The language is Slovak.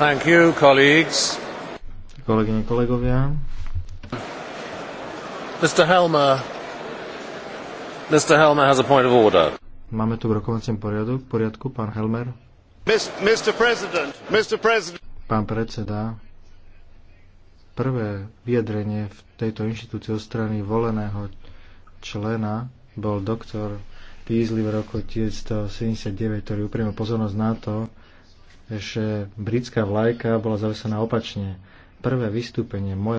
Thank you, colleagues. Kolegyne, kolegovia. Mr. Helmer, Mr. Helmer has a point of order. Máme tu v rokovacom poriadku, poriadku pán Helmer. Mr. President, Mr. President. Pán predseda, prvé vyjadrenie v tejto inštitúcii od strany voleného člena bol doktor Pízli v roku 1979, ktorý upriamil pozornosť na to, že britská vlajka bola zavesená opačne. Prvé vystúpenie moje.